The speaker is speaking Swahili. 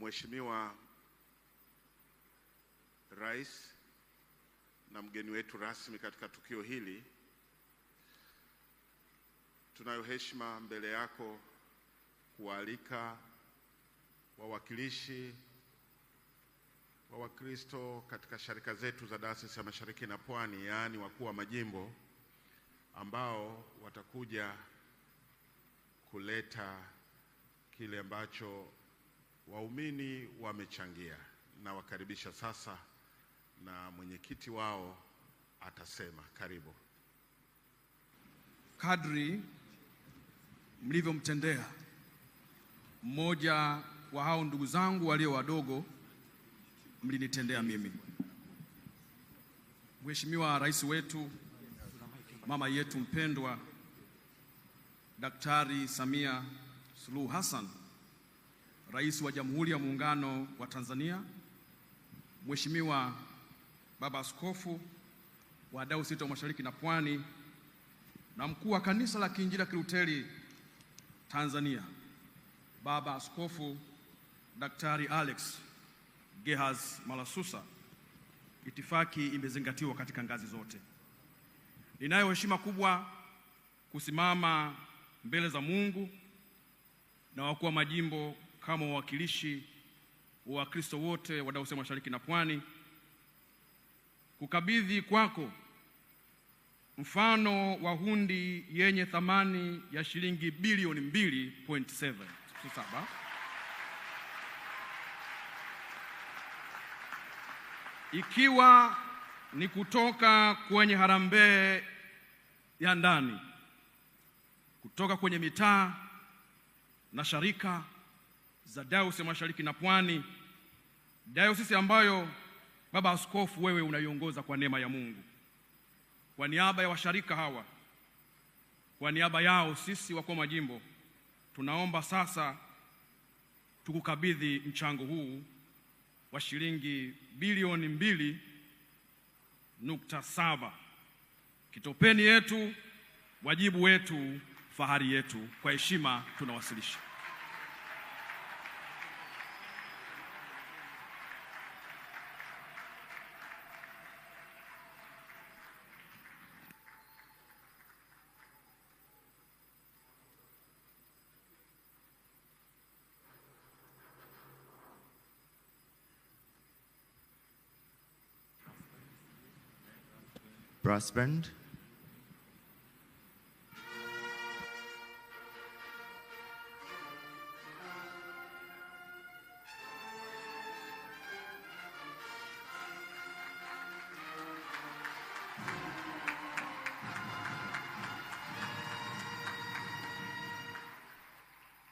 Mheshimiwa Rais na mgeni wetu rasmi katika tukio hili, tunayo heshima mbele yako kuwaalika wawakilishi wa Wakristo katika sharika zetu za Dayosisi ya Mashariki na Pwani, yaani wakuu wa majimbo ambao watakuja kuleta kile ambacho Waumini wamechangia, nawakaribisha sasa, na mwenyekiti wao atasema. Karibu. Kadri mlivyomtendea mmoja wa hao ndugu zangu walio wadogo, mlinitendea mimi. Mheshimiwa Rais wetu, mama yetu mpendwa, Daktari Samia Suluhu Hassan Rais wa Jamhuri ya Muungano wa Tanzania, Mheshimiwa Baba Askofu, wadau sita wa Mashariki na Pwani na mkuu wa Kanisa la Kiinjili la Tanzania, Baba Askofu Daktari Alex gehas Malasusa, itifaki imezingatiwa katika ngazi zote. Ninayo heshima kubwa kusimama mbele za Mungu na wakuu wa majimbo kama wawakilishi wa Wakristo wote wa Dayosisi Mashariki na Pwani kukabidhi kwako mfano wa hundi yenye thamani ya shilingi bilioni 2.7 ikiwa ni kutoka kwenye harambee ya ndani kutoka kwenye mitaa na sharika za dayosisi ya Mashariki na Pwani, dayosisi ambayo Baba Askofu wewe unaiongoza kwa neema ya Mungu. Kwa niaba ya washarika hawa, kwa niaba yao sisi wakuu wa majimbo, tunaomba sasa tukukabidhi mchango huu wa shilingi bilioni mbili nukta saba kitopeni yetu, wajibu wetu, fahari yetu. Kwa heshima tunawasilisha. Brassband